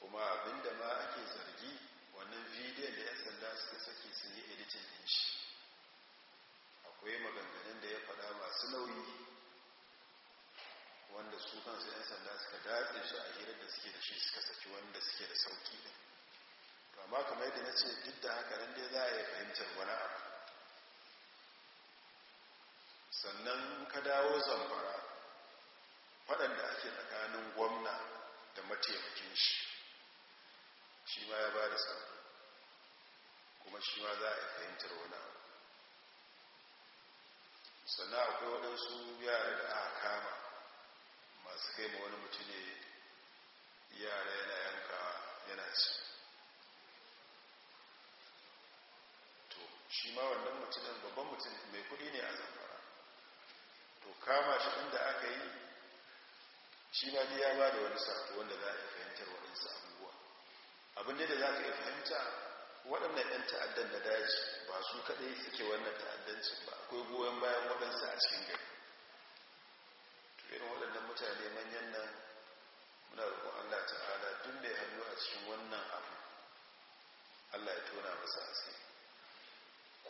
Speaker 1: kuma abinda ma ake zargi wannan bidiyon da 'yan sanda suka saki sun yi editin din shi akwai maganganun da ya faɗa masu nauyi wanda su kansu 'yan sanda suka daɗe su a hirar da suke da shi suka saki wanda suke da sauki ne amma kamar yadda na ce duk da haka nan dai za a yi fahimtar wani abu sannan ka dawo zamfara waɗanda ake tsakanin gwamna da mataimakin shi shi ma ya ba da samu kuma shi ma za a yi fahimtar wani abu sannan akwai waɗansu yara da aka kama masu kai ma wani mutum ne yara yana yanka yana ci to shi ma wannan mutumin babban mutum mai kudi ne a zamfara to kama shi inda aka yi shi ma ya ba da wani sato wanda za a fahimtar waɗansu abubuwa abin da za ka yi fahimta waɗannan 'yan ta'addan da daji ba su kaɗai suke wannan ta'addancin ba akwai goyon bayan waɗansu a cikin gari mutane manyan nan muna roƙon allah ta'ala duk da hannu a cikin wannan abu allah ya tona masa asiri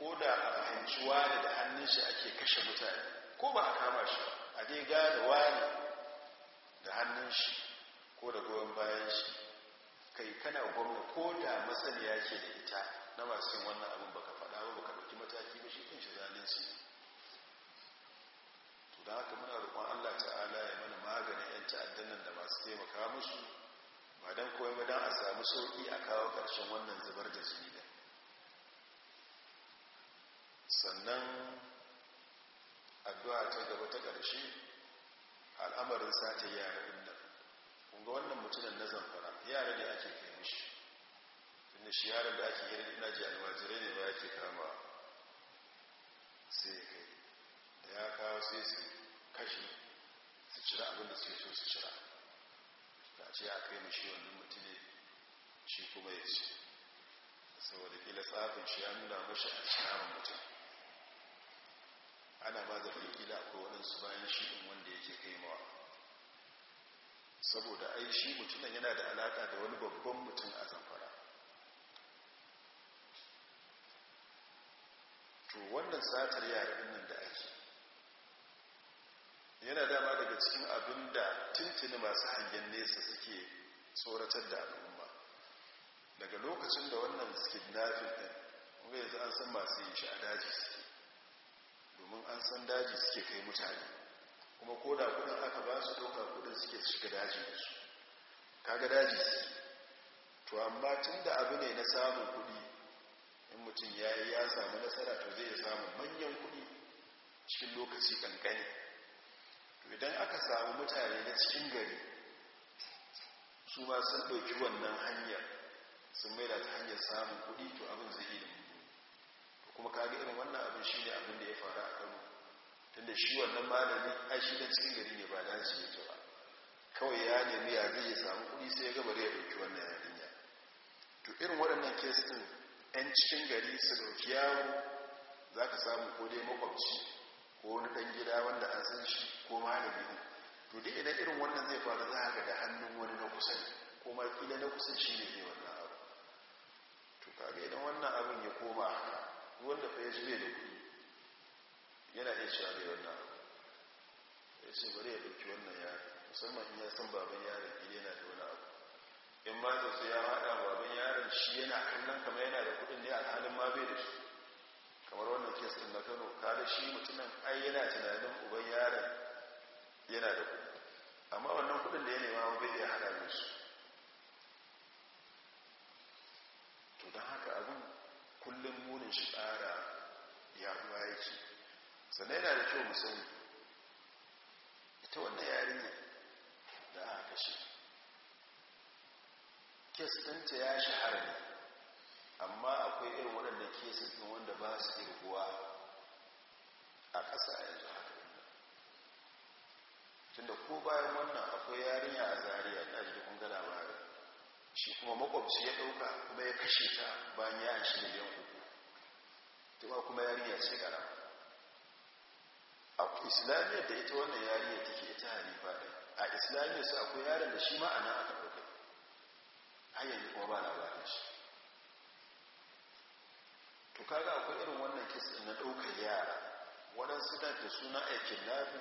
Speaker 1: ko da a fahimci wani da hannun shi ake kashe mutane ko ba a kama shi a dai gane wani da hannun shi ko da goyon bayan shi kai kana gwamna ko da matsaliya ke da ita na masu wannan abin baka faɗa ba baka ɗauki mataki ba shi kan shi zalunci to da haka muna roƙon allah ta'ala ya mana maganin 'yan ta'addan nan da masu taimaka musu ba don kawai ba don a sami sauƙi a kawo ƙarshen wannan zubar da su da sannan addu'a ta gaba ta ƙarshe al'amarin sata yara inda kunga wannan mutunan na zamfara yara da ake kai mishi inda shi yaran da ake yi na ji almajirai ne ba ake kama sai da ya kawo sai su kashi su cira abin da suke so su cira ta ce a kai mashi wannan mutum shi kuma ya ce saboda kila tsafin shi ya nuna mashi a cikin mutum ana ba da kila akwai waɗansu bayan shi ɗin wanda yake kai mawa saboda ai shi mutumin yana da alaƙa da wani babban mutum a zamfara to wannan satar yaran nan da yana dama daga cikin abin da tuntuni masu hangen nesa suke tsoratar da al'umma daga lokacin da wannan kidnapping ɗin wanda yanzu an san masu yin shi a daji suke domin an san daji suke kai mutane kuma ko da kudin aka ba su doka kudin suke shiga daji da su kaga daji su to amma tun da abu ne na samun kudi in mutum ya yi ya samu nasara to zai samu manyan kudi cikin lokaci kankani idan aka samu mutane na cikin gari su ma sun ɗauki wannan hanyar sun maida ta hanyar samun kuɗi to abin zai yi kuma kaga irin wannan abin shi ne abin da ya faru a kano tunda shi wannan malami a shi na cikin gari ne ba shi ya ba kawai ya nemi ya zai ya samu kuɗi sai ya gaba ya ɗauki wannan yarinya to irin waɗannan kes ɗin 'yan cikin gari su ɗauki yawo za ka samu ko makwabci ko wani ɗan gida wanda an san shi ko malami ne to dai idan irin wannan zai faru za a ga da hannun wani na kusan ko ma kila na kusan shi ne wannan abu to kaga idan wannan abin ya koma haka wanda fa ya ji bai da kuɗi yana iya cewa bai wannan abu ya ce bari ya ɗauki wannan yaro musamman in ya san baban yaron kila yana da wani abu in ma zai su ya haɗa baban yaron shi yana kallon kama yana da kuɗin ne alhalin ma bai da shi kamar wannan kes ɗin na kano kada shi mutumin ai yana tunanin uban yara yana da ku. amma wannan kuɗin da ya nema bai iya hana musu to don haka abin kullum munin shi ya kuma yake sannan yana da kyau mu sani ita wannan ne da aka kashe kes ɗinta ya shahara ne amma akwai irin waɗanda ke sufin wanda ba su irguwa a ƙasa a yanzu haka tunda ko bayan wannan akwai yarinya a zariya ta ji kun ga labarin shi kuma makwabci ya ɗauka kuma ya kashe ta bayan ya shi miliyan uku tuma kuma yarinya ce gara a islamiyya da ita wannan yarinya take ita halifa ɗin a islamiyya su akwai yaron da shi ma'ana aka ɗauka hanyar kuma ba labarin shi to akwai irin wannan kisir na ɗaukar yara waɗansu da ta suna aikin lafi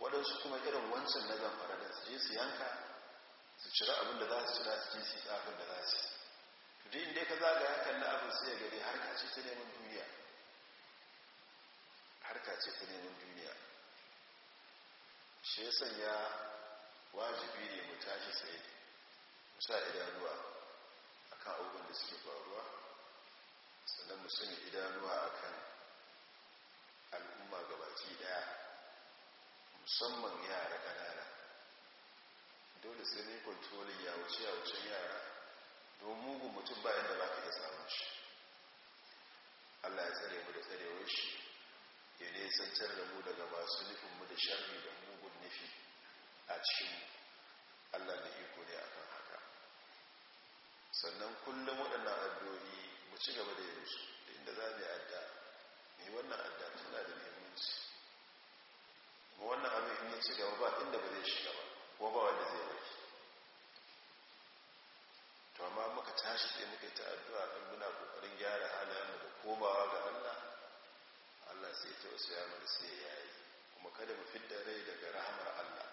Speaker 1: waɗansu kuma irin wancan na zamfara da su je su yanka su cira abin da za su cira su je su abin da za su to dai inda ka zaga hakan na abin sai ya gari harka ce ta neman duniya harka ce ta neman duniya shi ya sanya wajibi ne mu tashi sai mu sa idanuwa akan abubuwan da suke faruwa sannan mu idanuwa idanuwa kan al'umma gabaki daya musamman yara kanana dole sai ne wuce ya wuce yara don mugun mutum bayan da ba ka iya samun shi allah ya tsare mu da tsarewar shi ya nesancar da mu daga masu nufinmu da sharri da mugun nufi a cikin allah da iko ne akan haka sannan kullum waɗannan addu'o'i mu ci gaba da yin su inda za mu yi adda mai wannan adda tana da muhimmanci kuma wannan abin in ya ci gaba ba inda ba zai shiga ba ko ba wanda zai baki to amma muka tashi sai muka yi ta addu'a ɗin muna ƙoƙarin gyara halayen da komawa ga allah allah sai ta wasu yamar sai ya yi kuma kada mu fidda rai daga rahamar allah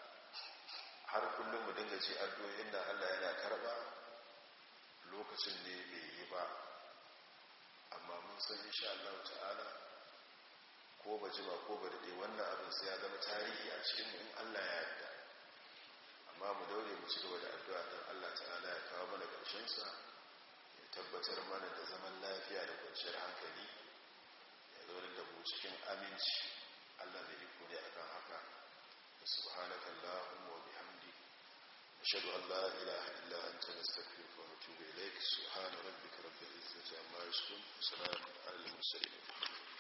Speaker 1: har kullum mu dinga ci addu'o'in da allah yana karɓa lokacin ne bai yi ba amma mun san insha Allah ta'ala ko ba jima ko ba dade wannan abin sai ya zama tarihi a cikin mu in Allah ya yarda amma mu daure mu ci gaba da addu'a don Allah ta'ala ya kawo mana ƙarshen sa ya tabbatar mana da zaman lafiya da kwanciyar hankali ya zaune da mu cikin aminci Allah da iko ne akan haka subhanakallahumma wa bihamdika أشهد أن لا إله إلا أنت نستغفرك ونتوب إليك سبحان ربك رب العزة
Speaker 2: عما يصفون وسلام على المرسلين